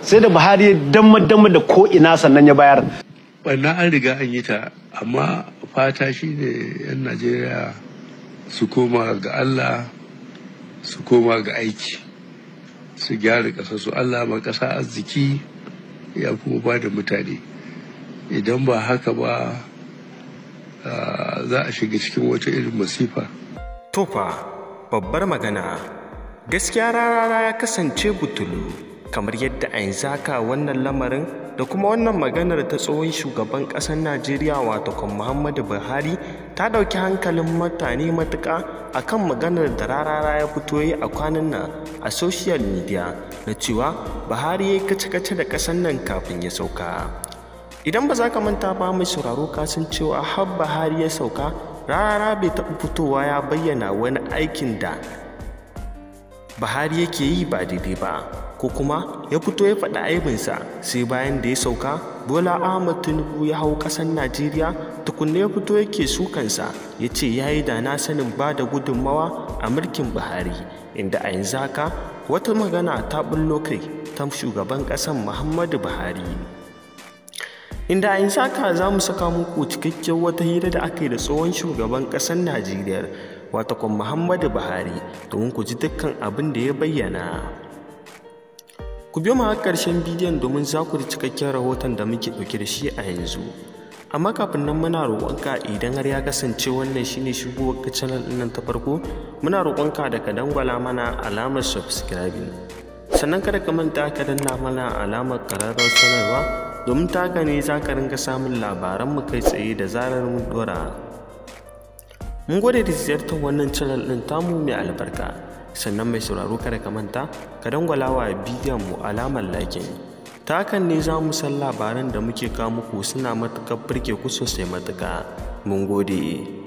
sai da buhari ya damma damma da ko ina sannan ya bayar wannan an riga an yi ta amma fata shi ne 'yan najeriya su koma ga allah su koma ga aiki su gyara ƙasa su allah ma ƙasa arziki ya kuma ba da mutane idan ba haka ba za a shiga cikin wata irin masifa tofa babbar magana gaskiya rarara ya kasance butulu kamar yadda a yanzu haka wannan lamarin da kuma wannan maganar ta tsohon shugaban ƙasar najeriya watakon muhammadu buhari ta ɗauki hankalin mutane matuƙa kan maganar da rarara ya fito yi a kwanan nan a social media na cewa buhari ya yi kace-kace da ƙasar nan kafin ya sauka idan ba za ka manta ba mai sauraro kasan cewa har buhari ya sauka rarara bai taɓa fitowa ya bayyana wani aikin da buhari yake yi ba daidai ba ko kuma ya fito ya faɗi aibinsa sai bayan da ya sauka bola ahmad tinubu ya hau ƙasar najeriya tukunna ya fito yake sukansa ya ce ya yi da na sanin ba da gudunmawa a mulkin buhari inda a yanzu haka wata magana ta bullo kai ta shugaban ƙasar muhammadu buhari inda a yanzu haka za mu saka muku cikakken wata hira da aka yi da tsohon shugaban ƙasar najeriya watakon muhammadu buhari domin ku ji dukkan abin da ya bayyana Ku biyo mu har ƙarshen bidiyon domin za ku da cikakken rahoton da muke ɗauke da shi a yanzu. Amma kafin nan muna roƙonka idan har ya kasance wannan shine shigo ka channel ɗin nan ta farko, muna roƙonka da ka dangwala mana alamar subscribing. Sannan kada ka manta ka danna mana alamar ƙararrawar sanarwa domin ta haka ne za ka ringa samun labaran mu kai tsaye da zarar mun ɗora. Mun gode da ziyartar wannan channel ɗin tamu mai albarka. sannan mai sauraro kada ka manta ka dangwala wa bidiyon mu alamar lakin ta hakan ne za mu san labaran da muke kawo muku suna matuƙar birke ku sosai matuƙa mun gode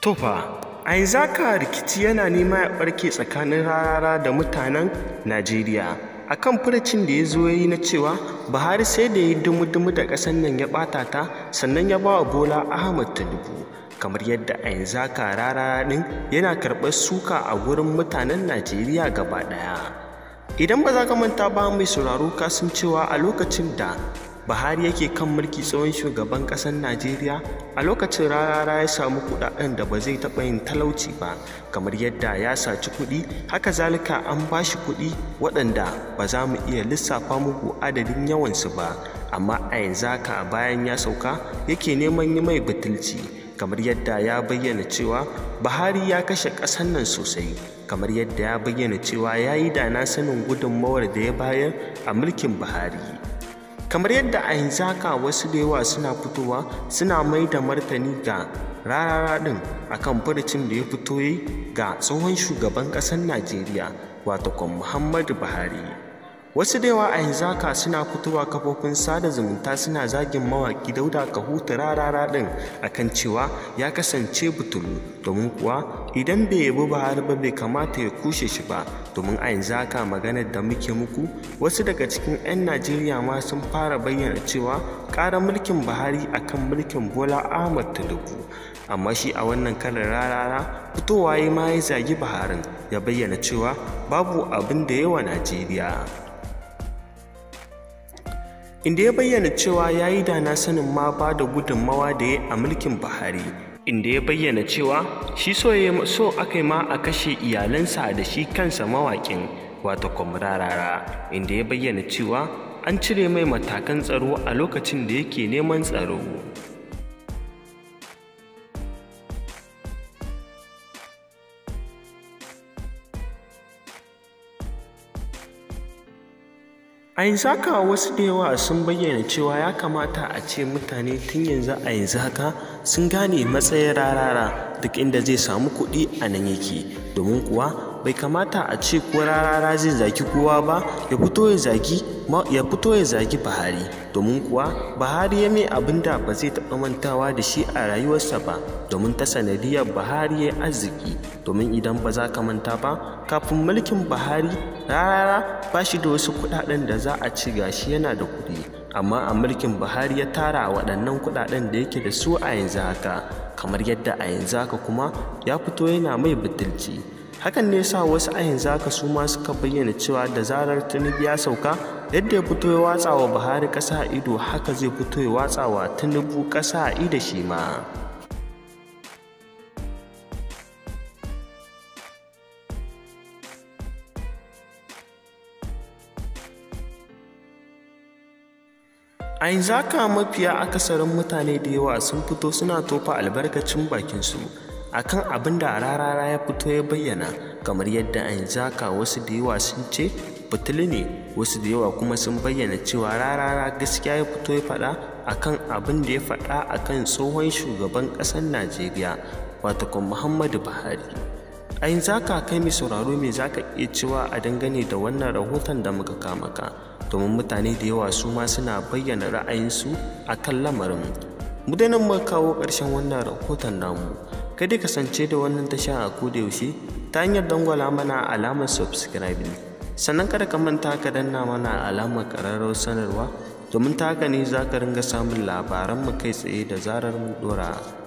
Tofa, a zaka rikici yana nema ya ɓarke tsakanin rarara da mutanen Najeriya. a kan furacin da ya zo ya yi na cewa buhari sai da ya yi dumu-dumu da ƙasar nan ya ɓata ta sannan ya ba wa bola ahmad tinubu kamar yadda a yanzu aka rara ɗin yana karɓar suka a wurin mutanen najeriya gaba ɗaya idan ba za ka manta ba mai sauraro kasancewa a lokacin da buhari yake kan mulki tsawon shugaban kasar najeriya a lokacin rarara ya samu kudaden da ba zai taba yin talauci ba kamar yadda ya saci kudi haka zalika an ba shi kuɗi waɗanda ba za mu iya lissafa muku adadin yawansu ba amma a yanzu haka bayan ya sauka yake neman yi mai bitilci kamar yadda ya bayyana cewa buhari ya kashe ƙasar nan sosai kamar yadda ya bayyana cewa ya yi da na sanin gudunmawar da ya bayar a mulkin buhari kamar yadda a yanzu wasu da yawa suna fitowa suna mai da martani ga rarara din akan furucin da ya fito ga tsohon shugaban ƙasar najeriya wato muhammadu buhari wasu da yawa a yanzu haka suna fitowa kafofin sada zumunta suna zagin mawaki dauda huta rarara ɗin akan cewa ya kasance butulu domin kuwa idan bai yabi buhari ba bai kamata ya kushe shi ba domin a yanzu haka maganar da muke muku wasu daga cikin 'yan najeriya ma sun fara bayyana cewa ƙara mulkin buhari akan mulkin bola ahmad tinubu amma shi a wannan kalar rarara fitowa ya ma ya zagi buharin ya bayyana cewa babu abin da yawa najeriya inda ya bayyana cewa ya yi da sanin ma ba da gudunmawa da ya a mulkin Buhari inda ya bayyana cewa shi so ya so aka ma a kashe iyalansa da shi kansa mawakin wata kwamrarara inda ya bayyana cewa an cire mai matakan tsaro a lokacin da yake neman tsaro a sakawa wasu da yawa sun bayyana cewa ya kamata a ce mutane tun yanzu a yanzu haka sun gane matsayin rarara duk inda zai samu kuɗi a nan yake domin kuwa bai kamata a ce ko rarara zai zaki kowa ba ya fito ya zaki ya fito ya zaki Buhari domin kuwa Buhari ya mai abin da ba zai taɓa mantawa da shi a rayuwarsa ba domin ta sanadiyar Buhari ya arziki domin idan ba za ka manta ba kafin mulkin Buhari rarara ba shi da wasu kuɗaɗen da za a ci gashi yana da kuɗi amma a mulkin buhari ya tara waɗannan kuɗaɗen da yake da su a yanzu haka kamar yadda a yanzu haka kuma ya fito yana mai butulci hakan ne sa wasu a yanzu haka su ma suka bayyana cewa da zarar tinubu ya sauka yadda ya fito ya watsa wa buhari ƙasa a ido haka zai fito ya watsa wa tinubu ƙasa a ido shi ma a yanzu haka mafiya akasarin mutane da yawa sun fito suna tofa albarkacin bakinsu akan abin da rarara ya fito ya bayyana kamar yadda an zaka wasu da yawa sun ce fitilu ne wasu da yawa kuma sun bayyana cewa rarara gaskiya ya fito ya faɗa akan abin da ya faɗa akan tsohon shugaban ƙasar najeriya watakon muhammadu buhari a zaka kai mai sauraro mai zaka iya cewa a dangane da wannan rahoton da muka kama domin mutane da yawa su ma suna bayyana ra'ayinsu akan lamarin mu dai nan muka kawo ƙarshen wannan rahoton namu Ka dai kasance da wannan tasha a yaushe ta hanyar dangwala mana alamar ne sannan kada ka manta ka danna mana alamar ƙararrawar sanarwa domin ta haka ne za ka ringa samun labaran mu kai tsaye da zarar mu ɗora